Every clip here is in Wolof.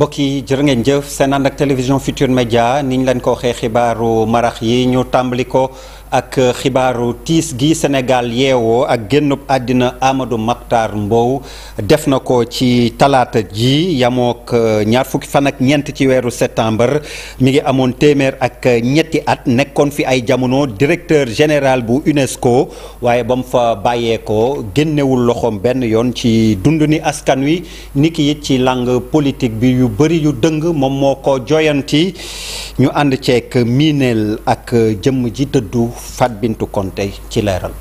mbokk yi jërë ngeen jëf seen ànd ak télévision Futurs média ni ñu leen ko waxee xibaaru marax yi ñu tàmbali ko. ak xibaaru tiis gi senegal yeewoo ak génnub àddina amadu Makhtar Mbow def na ko ci talaata ji yamook euh, ñaar fukki fan ak ñeent ci weeru septembre mi ngi amoon téeméer ak ñetti at nekkoon fi ay jamono directeur général bu UNESCO waaye ba mu fa bàyyeekoo génnewul loxoom benn yoon ci dund ni askan wi niki it ci lang politique bi yu bëri yu dëng moom moo ko joyanti ñu ànd ceek miineel ak jëmm ji tëddu Fat Bintou Konté ci leeral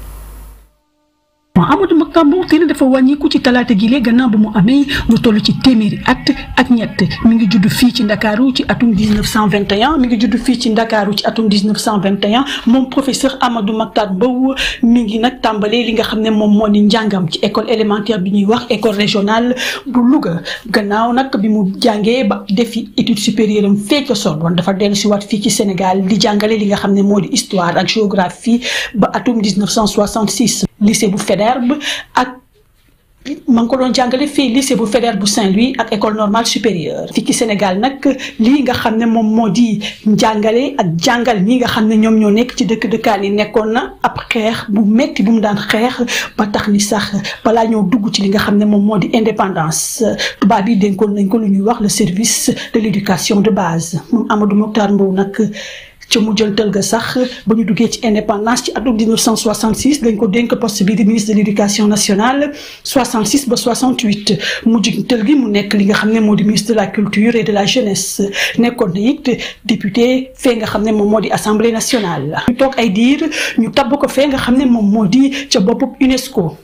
Mouhamadou Makhtar Mbour dafa wàññiku ci talaata gi lee gannaaw ba mu amee lu toll ci téeméeri at ak ñett mu ngi judd fii ci Ndakaaru ci atum 1921 mi ngi judd fii ci Ndakaaru ci atum 1921 moom professeur Amadou Makhtar Mbow mi ngi nag tàmbalee li nga xam ne moom moo ni njàngam ci école élémentaire bi ñuy wax école régionale bu Louga gannaaw nag bi mu jàngee ba defi étude supérieure am fee ca Sorbonne dafa dellu si waat fii ci Sénégal di jàngalee li nga xam ne moo di histoire ak géographie ba atum 1966 lycée bu Faidherbe Faidherbe ak ma ngi ko doon jàngale fii lycée bu Faidherbe bu Saint-Louis ak école normale supérieure fii ci Sénégal nag lii nga xam ne moom moo di njàngale ak jàngal ñi nga xam ne ñoom ñoo nekk ci dëkk dëkkaan yi nekkoon na ab xeex bu metti bu mu daan xeex ba tax ni sax balaa ñoo dugg ci li nga xam ne moom moo di indépendance tubaab yi dénkoon nañ ko lu ñuy wax la service de l'éducation de base moom Amadou Mokhtar Mbow nag ca mujjantal ga sax ba ñu duggee ci indépendance ci atum 1966 dañ ko dénk poste bi di ministre de l'éducation nationale 66 ba 68 mujjantal gi mu nekk li nga xam ne moo di ministre de la culture et de la jeunesse nekkoon na it député fee nga xam ne moom moo di assemblée nationale. ñu toog ay diir ñu tabb ko fee nga xam ne moom moo di ca boppub UNESCO.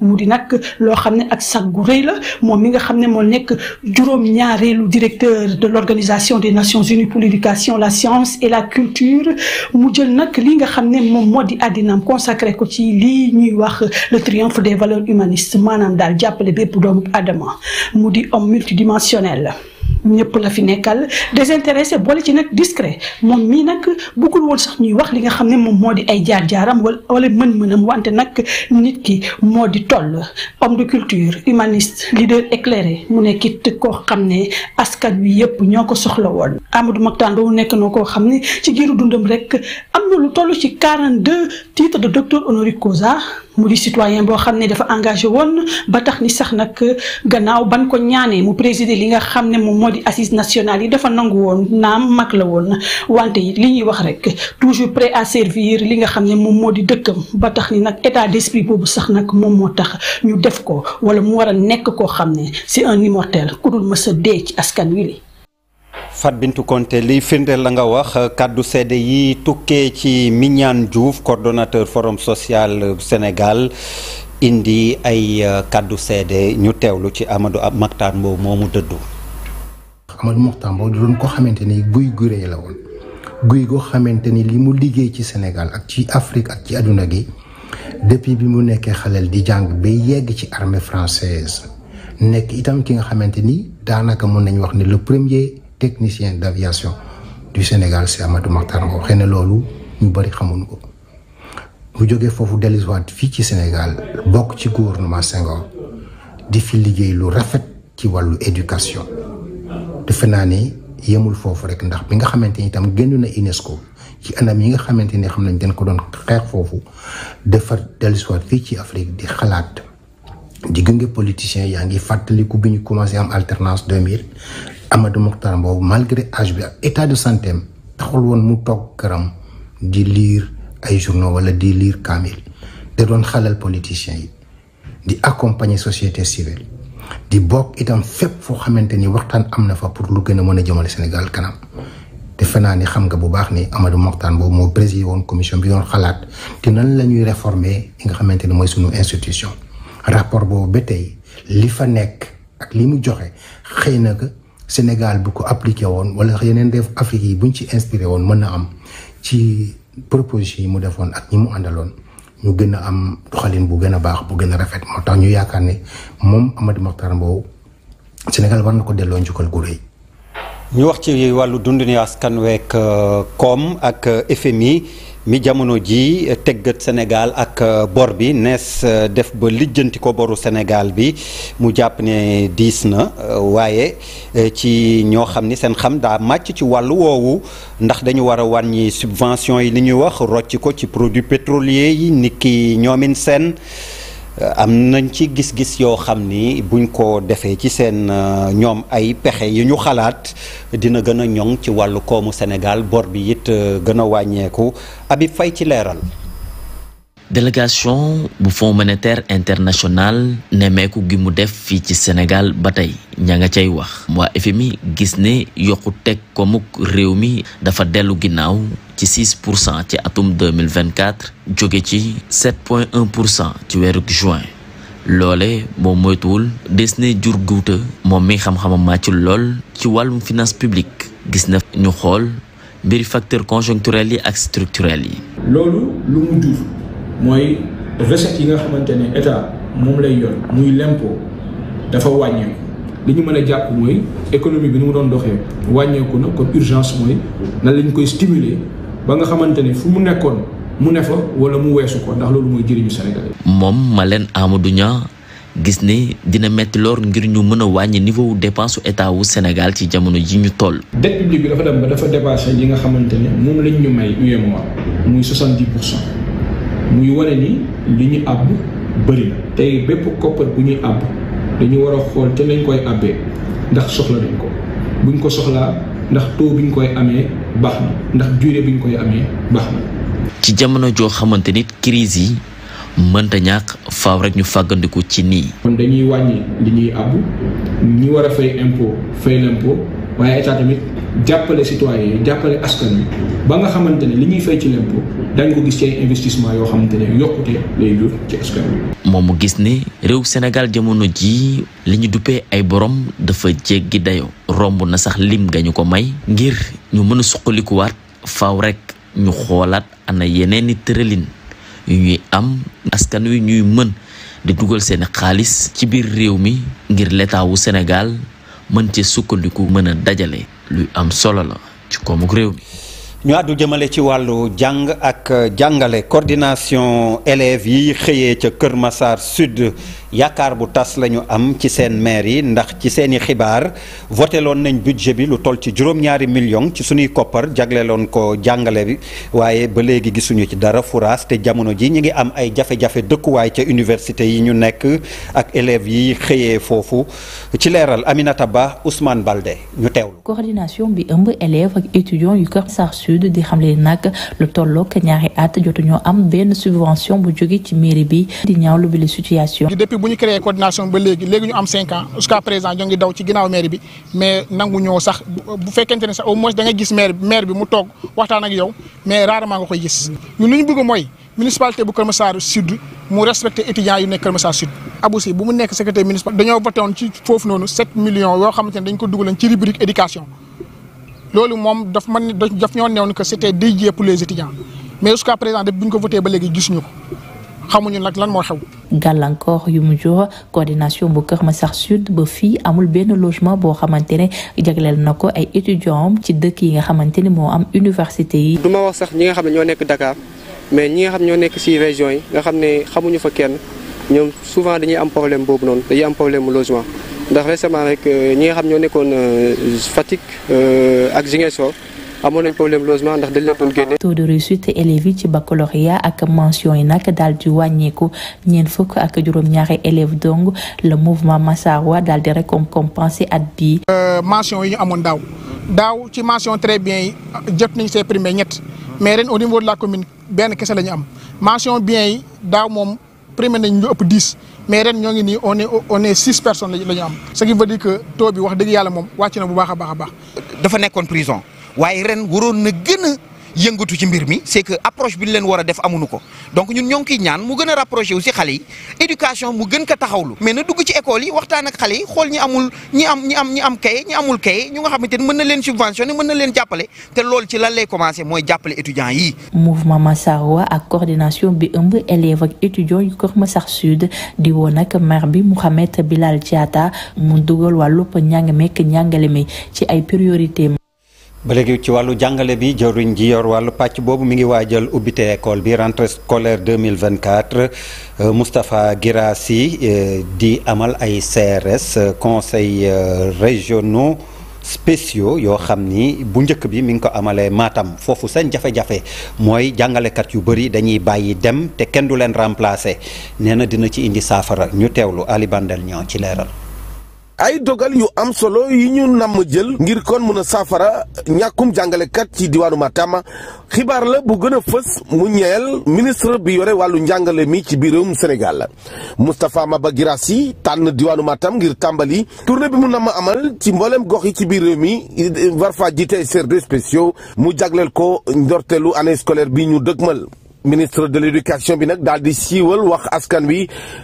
mu di nag loo xam ne ak sag gu rëy la moom mi nga xam ne moo nekk juróom-ñaareelu directeur de l'organisation des nations unies pour l'éducation la science et la culture mu jël nag li nga xam ne moom moo di àddinaam consacré ko ci lii ñuy wax le triomphe des valeurs humanistes maanaam daal jàppale bépp doomu adama mu di homme multidimensionnel ñëpp la fi nekkal désintéressé boole ci nag discret moom mii nag bëggul woon sax ñuy wax li nga xam ne moom moo di ay jaar-jaaram wala wala mën-mënam wante nag nit ki moo di toll homme de culture humaniste leader éclairé mu nekkit koo xam ne askan wi yëpp ñoo ko soxla woon Amadou Mahtar Mbow nekk na ko xam ne ci giiru dundam rek am na lu toll ci 42 titres de docteur honoris causa mu di citoyen boo xam ne dafa engagé woon ba tax ni sax na gannaaw ban ko di assises yi dafa nangu woon naam mag la woon wante li ñuy wax rek toujours prêt à servir li nga xam ne moom moo di dëkkam ba tax nag état d'esprit boobu sax nag moom moo tax ñu def ko wala mu war a nekk koo xam ne c'est un immortel ku dul mës a ci askan wi li Fat Bintou Konté la nga wax kàddu seede yi tukkee ci Mignane Diouf coordonnateur forum social Sénégal indi ay euh, kàddu seede ñu teewlu ci Amadou Mahtar Mbow moomu dëddu Amadou Mokhtar Mbow di doon ko xamante ni guy gu rëy la woon guy goo xamante ni li mu liggéey ci Sénégal ak ci Afrique ak ci àdduna gi depuis bi mu nekkee xaleel di jàng ba yegg ci armée française nekk itam ki nga xamante ni daanaka mën nañu wax ne le premier technicien d'aviation du Sénégal c'est Amadou Mokhtar Mbow xëy na loolu ñu bari xamuñu ko mu jógee foofu dellusiwaat fii ci Sénégal bokk ci gouvernement Senghor di fi liggéey lu rafet ci wàllu éducation defe naa ne yemul foofu rek ndax bi nga xamante ni itam génn na UNESCO ci anam yi nga xamante ne xam nañ dañ ko doon xeex foofu defar dellusiwaat fii ci Afrique di xalaat di gunge politiciens yaa ngi fàttaliku bi ñu commencé am alternance 2000 Amadou Mokhtar Mbow malgré âge bi état de santé taxul woon mu toog këram di liir ay journaux wala di liir kaamil da doon xalal politiciens yi di accompagner société civile. di bokk itam fépp foo xamante ni waxtaan am na fa pour lu gën a mën a jëmale Sénégal kanam defe naa ni xam nga bu baax nii amadu Mokhtar boobu moo présidé woon commission bi doon xalaat te nan la ñuy réformer li nga xamante ni mooy sunu institution. rapport boobu ba tey li fa nekk ak li mu joxe xëy na que Sénégal bu ko appliqué woon wala yeneen def Afrique yi buñ ci inspiré woon mën na am ci propositions yi mu defoon ak ñi mu àndaloon. ñu gën a am doxalin bu gën a baax bu gën a rafet moo tax ñu yaakaar ni moom Amady Mahtar Mbow Sénégal war na ko delloo njukkal gu rëy ñu wax ci wàllu dundinu askan week euh, koom ak euh, FMI mi jamono ji teggat Sénégal ak euh, bor bi nees euh, def ba lijjanti ko boru Sénégal bi mu jàpp ne diis na euh, waaye ci ñoo xam ni seen xam daa màcc ci wàll woowu ndax dañu war a wàññi subvention yi li ñuy wax rocc ko ci produit pétroliers yi niki ñoomin seen Euh, am nañ ci gis-gis yoo xam ni buñ ko defee ci seen euh, ñoom ay pexe yi ñu xalaat dina gën a ñoŋ ci wàllu koomu Sénégal bor bi it euh, gën a wàññeeku Habib fay ci leeral. délégation bu fonds monétaire international nemmeeku gi mu def fii ci Sénégal ba tey ña nga cay wax waa FMI gis ne yokku teg komuk réew mi dafa dellu ginnaaw ci 6 pour cent ci atum 2024 jóge ci 7 point 1 pour cent ci weeru juin loole moom moytuwul des ne jur guuta moom mi xam-xamam ci lool ci wàllum finance publique gis na ñu xool mbir facteur conjoncturel yi ak structurel yi loolu lu mu jur mooy recette yi nga xamante ne état moom lay yoon muy l'impôt dafa wàññeeku li ñu mën a jàpp mooy économie bi ni mu doon doxee wàññeeku na kon urgence mooy nan lañ koy stimuler ba nga xamante ne fu mu nekkoon mu ne fa wala mu weesu ko ndax loolu mooy jëriñu Sénégal moom Malène Amadou Niang gis ni dina metti loor ngir ñu mën a wàññi niveau dépense état wu Sénégal ci jamono ji ñu toll. dette publique bi dafa dem dafa dépassé yi nga xamante ne moom lañ ñu may UEMOA muy 70 pour cent. muy wane ni li ñu àbb bëri na tey bépp koppar bu ñuy àbb dañu war a xool te lañ koy àbbee ndax soxla nañ ko buñ ko soxlaa ndax taux biñ koy amee baax na ndax durée biñ koy amee baax na. ci jamono joo xamante nit crise yi mënta ñàkk faw rek ñu fàggandiku ci nii. kon dañuy wàññi li ñuy àbb ñi war a fay impôt fay l'impôt waaye état tamit. jàppale citoyen yi jàppale askan wi ba nga xamante ne li ñuy fay ci lépp dañ ko gis ci ay investissement yoo xamante ne yokkute lay jur ci askan wi. moom mu gis ne réew senegal jamono jii li ñu duppee ay borom dafa jéggi dayo romb na sax lim nga ñu ko may ngir ñu mën a suqalikuwaat faaw rek ñu xoolaat na yeneen i tërëlin yu ñuy am askan wi ñuy mën di dugal seen xaalis ci biir réew mi ngir l'état wu Sénégal mën cee sukkandiku mën a dajale. luy am solo la ci koomuk réew mi ñu àddu jëmale ci wàllu jàng ak euh, jàngale coordination élèves yi xëyee ca Kër Massar Sud yaakaar bu tas lañu am ci seen maire yi ndax ci seeni xibaar voté loon nañ budget bi lu toll ci juróom-ñaari million ci suñuy koppar jagleeloon ko jàngale bi waaye ba léegi gisuñu ci dara furaas te jamono ji ñu ngi am ay jafe-jafe dëkkuwaay ca université yi ñu nekk ak élèves yi xëyee foofu ci leeral Aminata Ba Ousmane Balde ñu teewlu. coordination bi ëmb élèves ak sud di xamle ni nag lu tolloog ñaari at jotuñoo am benn subvention bu jóge ci mairie bi di ñaawlu bi la situation. depuis bu ñu créé coordination ba léegi léegi ñu am cinq ans jusqu'à présent ñoo daw ci ginnaaw mairie bi mais nanguñoo sax bu fekkente ne sax au moins da nga gis maire bi mu toog waxtaan ak yow mais rarement nga koy gis. ñun li ñu bëgg mooy municipalité bu Kër Massar sud mu respecté étudiants yu nekk Kër sud. Aboussi bu loolu moom daf man daf ñoo neew ni que c'était di pour les étudiants mais jusqu'à présent de bu ñu ko voté ba léegi ñu ko xamuñu nag lan moo xew. gàllankoor yu mu jur coordination bu Kër Massar Sud ba fii amul benn logement boo xamante ne jagleel na ko ay étudiants ci dëkk yi nga xamante ni moo am université yi. du ma wax sax ñi nga xam ne ñoo nekk Dakar mais ñi nga xam ñoo nekk ci région yi nga xam ne xamuñu fa kenn ñoom souvent dañuy am problème boobu noonu dañuy am problème mu logement. ndax récemment rek euh, ñi nga xam ñoo nekkoon euh, Fatick euh, ak Ziguinchor amoon nañ problème logement ndax dañ leen doon génne. taux de réussite élèves yi ci baccalauréat ak mention yi nag daal di wàññeeku ñeen fukk ak juróom-ñaari élèves dong le mouvement Massawa daal di récompensé at bii. mention yi ñu amoon daaw daaw ci mention très bien yi jot nañ see primé ñett mais ren au niveau de la commune benn kese lañu am mention bien yi daaw moom primé nañ lu ëpp dix. mais ren ñoo ngi nii on est on est six personnes la ñu am ce qui veut dire que taux bi wax dëgg yàlla moom wàcc na bu baax a baax a baax. dafa nekkoon prison waaye ren waroon na gën yëngatu ci mbir mi c'est que approche bi ñu leen war def amuñu ko donc ñu ñoo ngi kiy ñaan mu gën a rapproché wu si xale yi éducation mu gën ko taxawlu mais na dugg ci école yi waxtaan ak xale yi xool ñi amul ñi am ñi am ñi am kaye ñi amul kay ñu nga xamante ni mën na leen subventionné mën na leen jàppale te loolu ci lan lay commencé mooy jàppale étudiants yi. mouvement Massarowa ak coordination bi ëmb élèves ak étudiants yu Kër Massar Sud di woo nag maire bi Mouhamed Bilal Diatta mu dugal wàllub njàng mekk njàngale mi ci ay priorité ba léegi ci wàllu jàngale bi jëwriñ ji yor wàllu pàcc boobu mi ngi waajal ubbite école bi rentrée scolaire 2024 euh, Moustapha Guirassi euh, di amal ay CRS euh, conseil régionaux spéciaux yoo xam ni bu njëkk bi mi ngi ko amalee maatam foofu seen jafe-jafe mooy jàngalekat yu bëri dañuy bàyyi dem te kenn du leen remplacer nee na dina ci indi saafara ñu teewlu Ali Bandel ñoo ci leeral ay dogal yu am solo yi ñu namm jël ngir kon mën a saafara ñàkkum jàngalekat ci diwaanu Matam xibaar la bu gën a fës mu ñeel ministre bi yore wàllu njàngale mi ci biir réewum Sénégal Moustapha Maba Guirassy tànn diwaanu Matam ngir tàmbali tournée bi mu namm amal ci mboolem gox yi ci biir réew mi war faa jiite ay services mu jagleel ko ndorteelu année scolaire bi ñu dëgmal. ministre de l'éducation bi nag daal di siiwal wax askan wi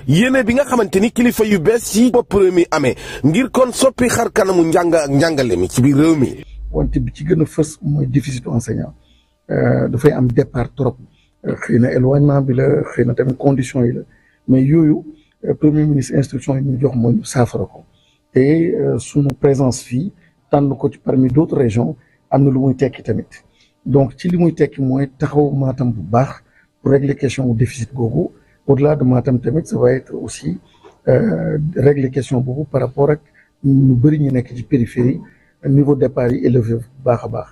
yéene bi nga xamante ni kilifa yu bees yi bopp réew mi amee ngir kon soppi xar kanamu njàng ak njàngale mi ci biir réew mi. wante bi ci gën a fës mooy déficit enseignant euh, dafay am départ trop euh, xëy na éloignement bi la xëy na tamit conditions yi la mais yooyu euh, premier ministre instruction yi ñu jox mooy ñu saafara ko te sunu présence fii tànn ko ci parmi d'autres régions am na lu muy tekki tamit donc ci li muy tekki mooy taxaw bu baax. régler question wu déficit googu au-delà de Matam tamit ça va être aussi euh, régler question boobu par rapport ak ñu bëri ñu nekk ci périphérie niveau départ yi élevé bu baax a baax.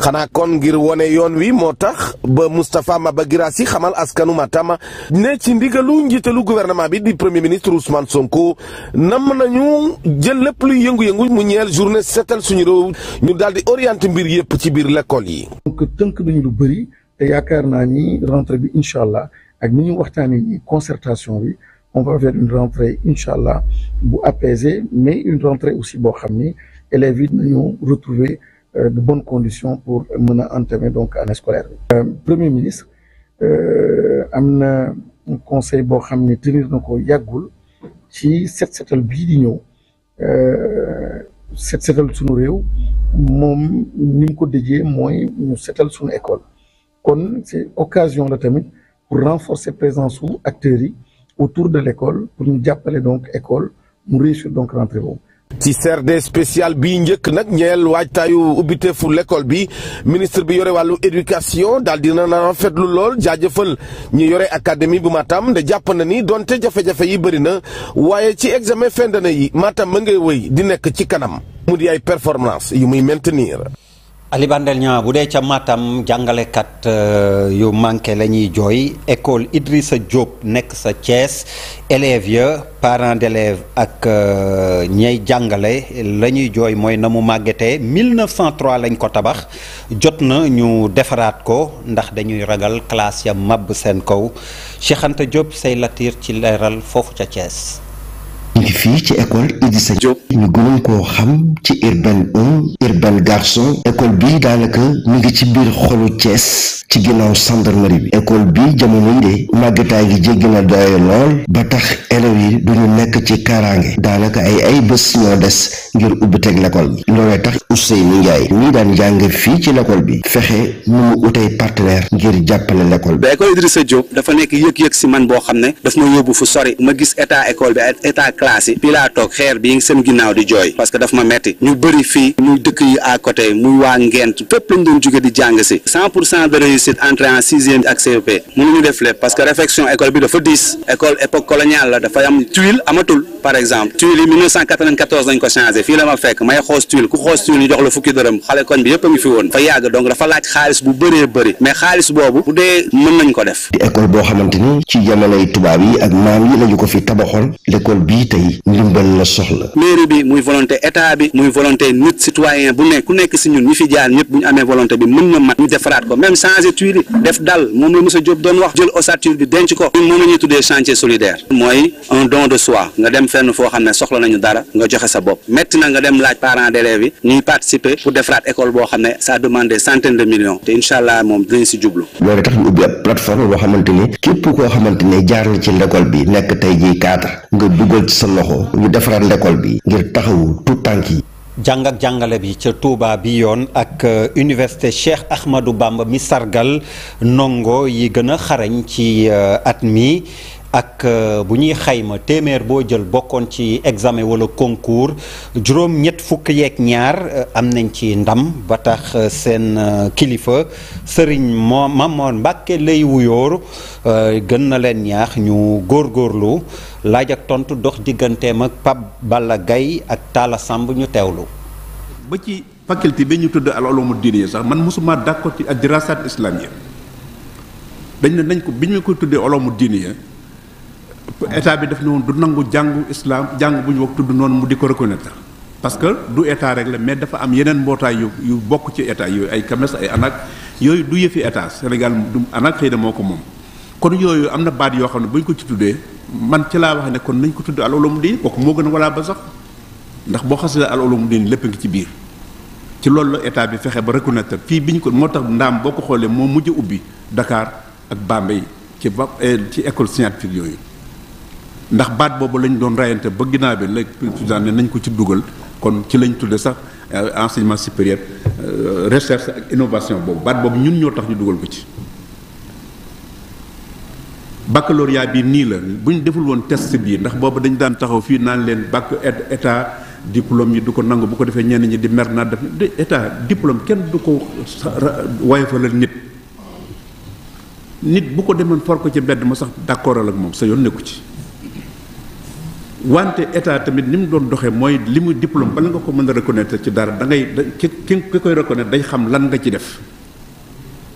xanaa kon ngir wane yoon wi moo tax ba Moustapha Maba Guirassy xamal askanu Matam ne ci ndigalu njiitalu gouvernement bi di premier ministre Ousmane Sonko nam nañu jël lépp luy yëngu-yëngu mu ñeel journée seetal suñu réew ñu daal di orienté mbir yëpp ci biir l'école yi. tënk nañu lu bëri. te yaakaar naa ni rentrée bi incha allah ak nu ñu waxtaanee ni concertation bi on va vers une rentrée incha allah bu apaisée mais une rentrée aussi boo xam ni élèves yi nañu retrouver euh, de bonnes conditions pour mën a entamer donc année scolaire bi. Euh, premier ministre euh, am na conseil boo xam ni tenir na ko yàggul ci set setal bii di ñëw cet setal sunu réew moom ni mu ko déjee mooy ñu setal sunu école. kon c' est occasion la tamit pour renforcer présence su acteurs yi autour de lécole école pour ñu jàppale donc école mu réussir donc rentrée boobu. ci CRD spécial bii njëkk nag ñeel waajtaayu ubbiteefu l'école bi ministre bi yore wàllu éducation daal dina na rafetlu lool jaajëfal ñu yore académie bu maatam de jàpp na ni donte jafe-jafe yi bëri na waaye ci examen fin d'année yi maatam ma ngay wëy di nekk ci kanam mu di ay performance yu muy maintenir Ali bu dee ca Matam jàngalekat euh, yu manqué la ñuy jooy école Idrissa Diop nekk sa cees élèves ya parents d'élèves ak euh, ñay jàngale la ñuy jooy mooy na mu màggetee 1903 lañ ko tabax jot na ñu defaraat ko ndax dañuy ragal classe ya màbb seen kaw Cheikh Anta Diop say latiir ci leeral foofu ca Thiès. ñu ngi fii ci école a Diop ñu gënoon koo xam ci urbain un urbain garçon école bi daanaka mu ngi ci biir xolu Thiès ci ginnaaw gendarmerie bi école bi jamono yi de màggataay gi jéggi na doye lool ba tax élèves yi nekk ci kaaraange daanaka ay ay des ngir ubbi teg l'école bi loolee tax Ousseynou Ndiaye ñii jàng fii ci l'école bi fexe mu utey partenaire ngir jàppale l'école bi. école Idrissa Diop dafa nekk yëg-yëg si man boo xam ne daf yóbbu fu sori ma gis état école bi état classe yi fii xeer bii ngi seen ginnaaw di jooy parce que daf ma metti ñu bëri fii muy dëkk yi à côté muy waa Ngent fépp lañ doon jóge di jàng si cent pour e def lépp parce que réflexion école bi dafa diis école époque coloniale la dafay am tuile amatul par exemple tuile yi 1994 lañ ko changé fii la ma fekk may xoos tuile ku xoos tuile ñu jox la fukki dërëm xale koñ bi yëpp a ngi fi woon fa yàgg donc dafa laaj xaalis bu tey ndimbal la soxla mairie bi muy volonté état bi muy volonté nit citoyen bu nekk ku nekk si ñun ñi fi jaar ñëpp bu ñu amee volonté bi mën na mat ñu defaraat ko même changer tuile def dal moom la Moussa Diop doon wax jël ossature bi denc ko ñun moom la ñuy tuddee chantier solidaire mooy un don de nga dem fenn foo xam ne soxla nañu dara nga joxe sa bopp métti na nga dem laaj parents d'élèves yi ñuy participer pour defaraat école boo xam ne ça demande des centaines de millions te incha moom dinañ si jublu loolu tax ñu ubbi ab sa loxo ñu defaraat l'école bi ngir taxawu tout tànk yi jàng ak jàngale bi ca Touba bi yoon ak euh, université Cheikh Ahmadou Bamba mi sargal ndongo yi gën a xarañ ci euh, at mi ak euh, bu ñuy xayma téeméer boo jël bokkoon ci examen wala concours juróom ñett fukk yeeg ñaar euh, am nañ ci ndam ba tax euh, seen kilifa sëriñ moo Mamoor Mbàkke lay wuyóor gën na leen ñaax ñu góor góorlu laaj ak tontu dox digganteem ak Pape Balla Gaye ak Talla Samb ñu teewlu ba ci faculté bi ñu tudd al ulum diine sax man mosuma d'accord ci ak dirasat islamiyya dañ ne nañ ko bi ñu koy tuddee olomu diine état bi def na woon du nangu jàngu islam jàng bu ñu wax tudd noonu mu di ko reconnaître parce que du état rek la mais dafa am yeneen mbootaay yu yu bokk ci état yooyu ay CAMES ay ANAQ yooyu du yëfi état Sénégal du anak xëy de moo ko moom. kon yooyu am na baat yoo xam ne bu ñu ko ci tuddee man ci laa wax ne kon nañ ko tudd al ulum diin kooku moo gën a walaa ba sax ndax boo xasee aloolu ulum diin lépp ngi ci biir. ci loolu la état bi fexe ba reconnaître fii bi ñu ko moo ndaam boo ko xoolee moo mujj ubbi Dakar ak Bambey ci ba eh, ci école scientifique yooyu. ndax baat boobu lañ doon rayante ba ginnaaw bi léegi président ne nañ ko ci dugal kon ci lañ tudde sax euh, enseignement supérieur euh, recherche ak innovation boobu baat boobu ñun ñoo tax ñu dugal ko ci baccalauréat bi nii la bu deful woon test bii ndax boobu dañu daan taxaw fii naan leen bakk état diplôme yi du ko nangu bu ko defee ñenn ñi di mer naa def état diplôme kenn du ko woyofalal nit nit bu ko demeen for ko ci mbedd ma sax d'accord ak moom sa yoon nekku ci wante état tamit ni mu doon doxee mooy li mu diplôme bala nga ko mën a reconnaître ci dara da ngay ki ki koy reconnaître day xam lan nga ci def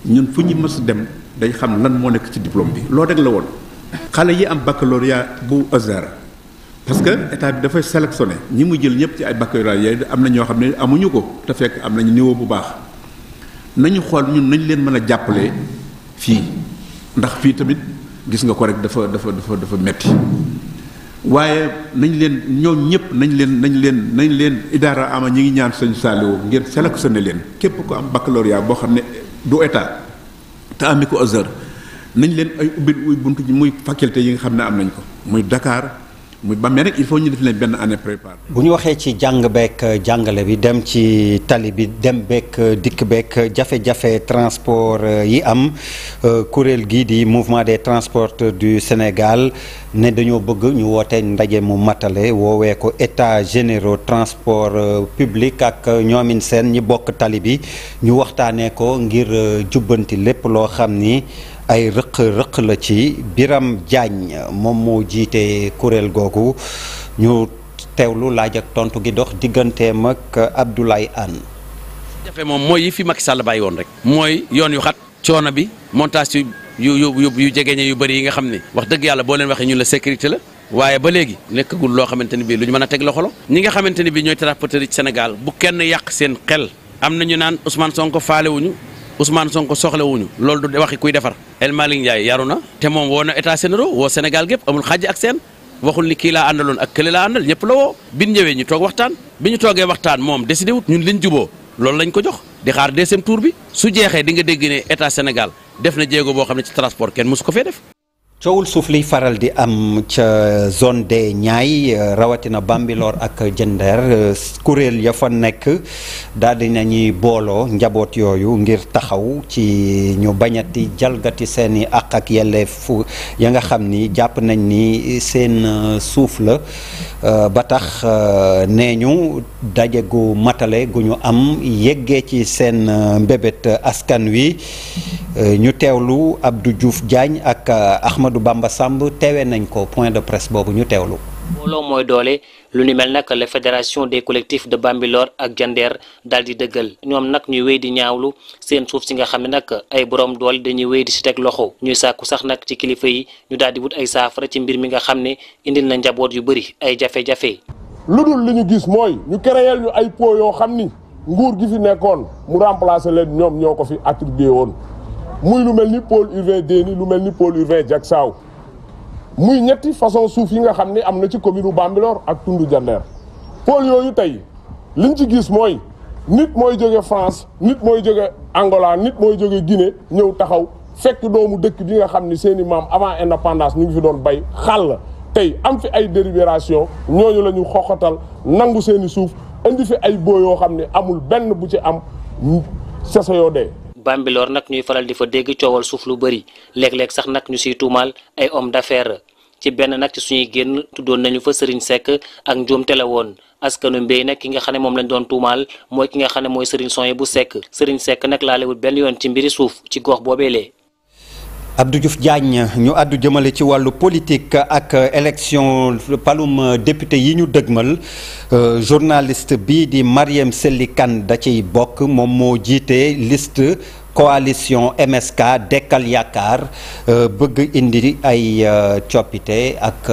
ñun fu ñu mës dem day xam lan moo nekk ci diplôme bi loo rek woon xale yi am baccalauréat bu Azhar parce que état bi dafay sélectionné ñi mu jël ñëpp ci ay baccalauréat yooyu am na ñoo xam ne amuñu ko te fekk am nañu niveau bu baax nañu xool ñun nañ leen mën a jàppale fii ndax fii tamit gis nga ko rek dafa dafa dafa dafa metti waaye nañ leen ñoom ñëpp nañ leen nañ leen nañ leen idaara ama ñi ngi ñaan sëñ Saliou ngeen sélectionné leen képp ko am baccalauréat boo xam ne du état te ami ko azar nañ leen ay ubbi buntu ji muy faculté yi nga xam ne am nañ ko muy dakaar muy ba mais rek il faut ñu def leen benn année prépare. bu ñu waxee ci jàng beek euh, jàngale bi dem ci tali bi dem beek euh, dikk beek euh, jafe-jafe transport yi am kuréel gii di mouvement des transport du Sénégal ne dañoo bëgg ñu woote ndaje mu matale woowee ko état généraux transport public ak ñoomin seen ñi bokk tali bi ñu waxtaanee ko ngir jubbanti lépp loo xam ni. ay rëq-rëq la ci Biram Diagne moom moo jiite kuréel googu ñu teewlu laaj tontu gi dox digganteem ak Abdoulaye Anne. jafe moom mooy yi fi Macky Sall bàyyi woon rek. mooy yoon yu xat coono bi montage yu yu yu yu jegeñe yu bari yi nga xam ne. wax dëgg yàlla boo leen waxee ñu la sécurité la. waaye ba léegi nekkagul loo xamante ni bii lu ñu mën a teg loxo la ñi nga xamante ni bii ñooy transporteurs yi ci Sénégal bu kenn yàq seen xel am na ñu naan Ousmane Sonko faale wuñu Ousmane Sonko soxlawuñu loolu du waxi kuy defar El Malick Ndiaye na te moom woo na état généraux woo Sénégal gépp amul xàjj ak seen waxul ni kii laa àndaloon ak kële laa àndal ñëpp loo woo bi ñu ñëwee ñu toog waxtaan bi ñu toogee waxtaan moom décidé wut ñun liñ juboo loolu lañ ko jox di xaar deuxième tour bi su jeexee di nga dégg ne état Sénégal def na jéego boo xam ne ci transport kenn mosu ko fee def coowul suuf liy faral di am ca zone des Niayes euh, rawatina Bambilor ak Diender euh, kuréel ya fa nekk daal di nañuy booloo njaboot yooyu ngir taxaw ci ñu bañati jalgati seeni àq ak yelleef ya nga xam ni jàpp nañ ni seen euh, suuf la ba tax nee ñu daje gu matale gu ñu am yeggee ci seen mbébét askan wi ñu teewlu Abdou Diouf Diagne ak Ahmad Amadou Bamba Samb teewee nañ ko point de presse boobu ñu teewlu. mbooloo mooy doole lu ni mel nag la fédération des collectifs de Bambilor ak Jander daal di dëggal ñoom nag ñuy wéy di ñaawlu seen suuf si nga xam ne nag ay borom doole dañuy wéy di si teg loxo ñuy sàkku sax nag ci kilifa yi ñu daal di wut ay saafara ci mbir mi nga xam ne indil na njaboot yu bëri ay jafe-jafe. lu dul li ñu gis mooy ñu créer ñu ay pots yoo xam ni nguur gi fi nekkoon mu remplacer leen ñoom ñoo ko muy lu mel ni pôle uv Déni lu mel ni pôle urbain Diacksao muy ñetti façon suuf yi nga xam ne am na ci commune u Bambilor ak tundu Jandeer pôle yooyu tey liñ ci gis mooy nit mooy jóge France nit mooy jóge Angola nit mooy jóge Guinée ñëw taxaw fekk doomu dëkk bi nga xam ni seen i maam avant indépendance ñu ngi fi doon bay xàll tey am fi ay délibération ñooñu la ñu nangu seeni suuf indi fi ay boo yoo xam ne amul benn bu ci am sesayoo de Bambilor nag ñuy faral di fa dégg coowal suuf lu bëri léeg-léeg sax nag ñu siy tuumaal ay homme d'affaires ci benn nag ci suñuy génn tuddoon nañu fa Serigne sekk ak njuumte la woon askanu mbey nak ki nga xam ne moom lañ doon tuumaal mooy ki nga xam ne mooy Serigne Sonye bu sekk Serigne Seck nag laalewul benn yoon ci mbiri suuf ci gox boobeelee addu Diouf Diagne ñu àddu jëmale ci wàllu politique ak élection palum député yi ñu dëgmal euh, journaliste bii di Mariam Selli Kane da ciy bokk moom moo jiite list coalition MSK dekkal yaakaar euh, bëgg indi ay euh, coppite ak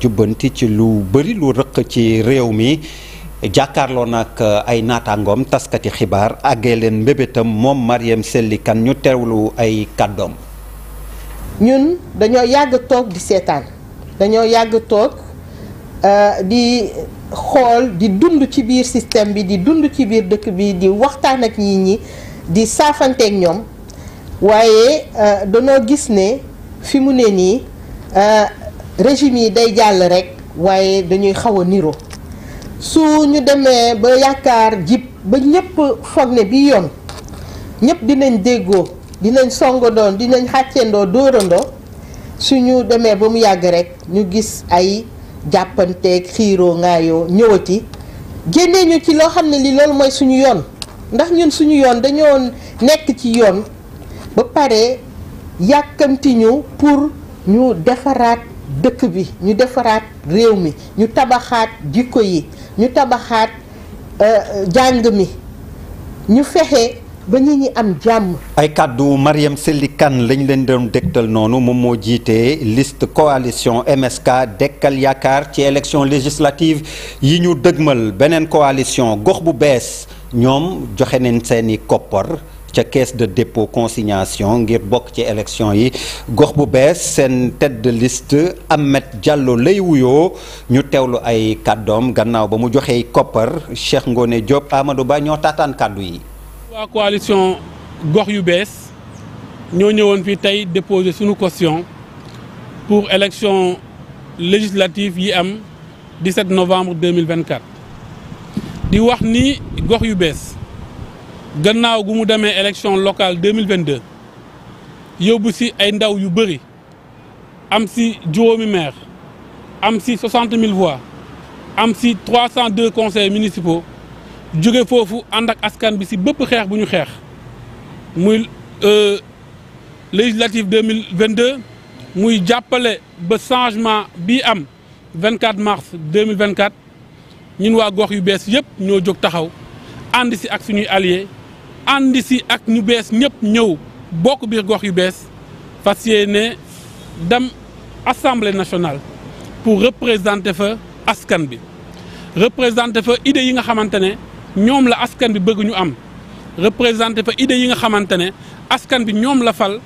jubbanti ci lu bëri lu rëq ci réew mi jàkkaarloo nag ay naataangoom taskati xibaar àggee leen mbébétam moom Mariam Selli ñu teewlu ay kàddoom. ñun dañoo yàgg toog di seetaan dañoo yàgg toog euh, di xool di dund ci biir système bi di dund ci biir dëkk bi di waxtaan ak ñi ñi di saafanteek ñoom waaye euh, danoo gis ne fi mu ne nii euh, régime yi day jàll rekk waaye dañuy xaw a niro su ñu demee ba yaakaar jib ba ñépp foog ne bi yoon ñépp dinañ déggoo dinañ songandoo dinañ xàccandoo dóorandoo suñu demee ba mu yàgg rekk ñu gis ay jàppanteeg xiiroo ngaayoo ñëwati génnee ñu ci loo xam ne li loolu mooy suñu yoon ndax ñun suñu yoon dañoo nekk ci yoon ba pare yàkkamti ñu pour ñu defaraat dëkk bi ñu defaraat réew mi ñu tabaxaat jikko yi ñu tabaxaat euh, jàng mi ñu fexe ba ñu ñi am jàmm. ay kàddu Mariam Selli Kane lañ leen doon dégtal noonu moom moo jiitee liste coalition MSK dekkal yaakaar ci élection législative yi ñu dëgmal beneen coalition gox bu bees ñoom joxe nañ seeni koppar. ca caisse de dépôt consignation ngir bokk ci élection yi gox bu bees seen tête de liste Ahmed jàlloo lay wuyoo ñu teewlu ay kàddoom gannaaw ba mu joxee koppar Cheikh ngoone Diop Amadou Ba ñoo taataan kàddu yi waa coalition gox yu bees ñoo ñëwoon fii tey déposer suñu costion pour élection législative yi am 17 novembre 2024 di wax ni gox yu bees gannaaw gu mu demee élection locale 2022 yóbbu si ay ndaw yu bëri am si juróomi maire am si 60 000 voix am si 302 conseils municipaux jóge foofu ànd ak askan bi si bëpp xeex bu ñu xeex muy euh, législative deux mille vingt deux muy jàppale ba changement bi am vingt quatre mars deux mille vingt quatre ñun waa gox yu bees yëpp ñoo jóg taxaw ànd si ak suñuy alliés ànd si ak ñu bees ñëpp ñëw bokk biir gox yu bees fas yéene dem assemblée nationale pour représenter fa askan bi représenter fa idée yi nga xamante ne. ñoom la askan bi bëgg ñu am représenté fa idée yi nga xamante ne askan bi ñoom la fal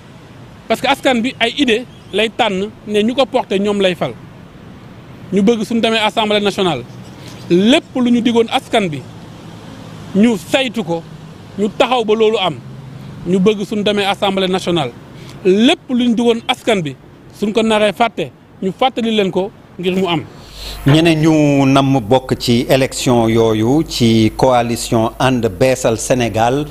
parce que askan bi ay idée lay tànn ne ñu ko porté ñoom lay fal ñu bëgg suñu demee assemblée nationale lépp lu ñu digoon askan bi ñu saytu ko ñu taxaw ba loolu am ñu bëgg suñu demee assemblée nationale lépp lu ñu digoon askan bi suñ ko naree fàtte ñu fàttali leen ko ngir mu am ñeneen ñu namm bokk ci élection yooyu ci coalition ànd beesal Sénégal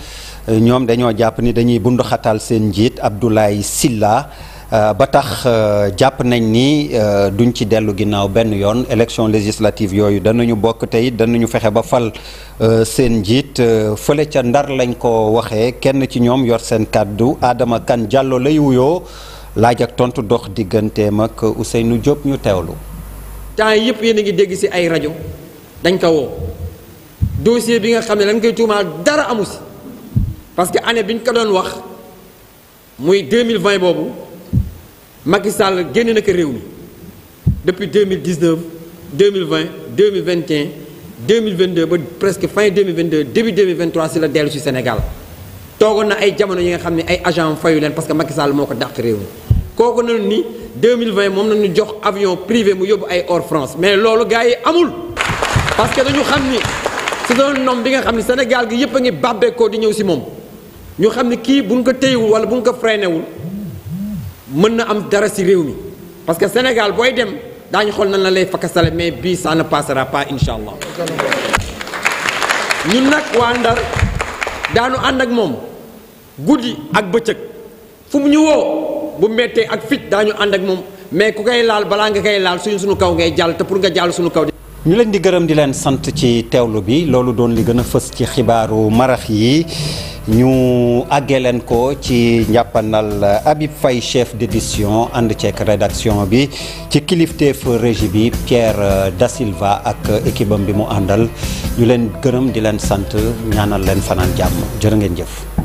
ñoom dañoo jàpp ni dañuy bunduxatal seen njiit Abdoulaye Sylla euh, ba tax euh, jàpp nañ ni euh, duñ ci dellu ginnaaw benn yoon élection législative yooyu danañu bokk tey danañu fexe ba fal seen njiit fële ca ndar lañ ko waxee kenn ci ñoom yor seen kàddu aadama kan Diallo lay wuyoo laaj ak tontu dox digganteem ak Ousseynou Diop ñu teewlu. temps yëpp yéen a ngi dégg si ay rajo dañ ko woo dossier bi nga xam ne dañ koy tuumaal dara amu si parce que année bi ñu ko doon wax muy mille vingt boobu Macky Sall génn na ko réew mi depuis 2019 2020 2021 2022 ba presque fin 2022 début 2023 si la dellu si Sénégal toogoon na ay jamono yi nga xam ne ay agent fayu leen parce que Macky Sall moo ko dàq réew mi kooku noonu ni 2020 moom nañu jox avion privé mu yóbbu ay hors France mais loolu gars yi amul parce que dañu xam ni si un homme bi nga xam ni Sénégal gi yëpp a ngi bàbbeekoo di ñëw si moom ñu xam ni kii buñ ko téyewul wala buñ ko freinéwul mën na am dara si réew mi parce que Sénégal booy dem daañu xool nan na lay fakasale mais bii ça ne passera pas incha allah ñun nag waa Ndar daanu ànd ak moom guddi ak bëccëg fu mu ñu woo bu méttee ak fit daañu ànd ak moom mais ku koy laal balaa nga koy laal suñu suñu kaw ngay jàll te pour nga jàll suñu kaw. ñu leen di gërëm di leen sant ci teewlu bi loolu doon li gën a fës ci xibaaru marax yi ñu àggee leen ko ci njàppanal Habib Faye chef d'édition ànd ceek rédaction bi ci kilifteef régie bi Pierre Da Silva ak équipe bi mu àndal ñu leen gërëm di leen sant ñaanal leen fanaan jàmm jërë ngeen jëf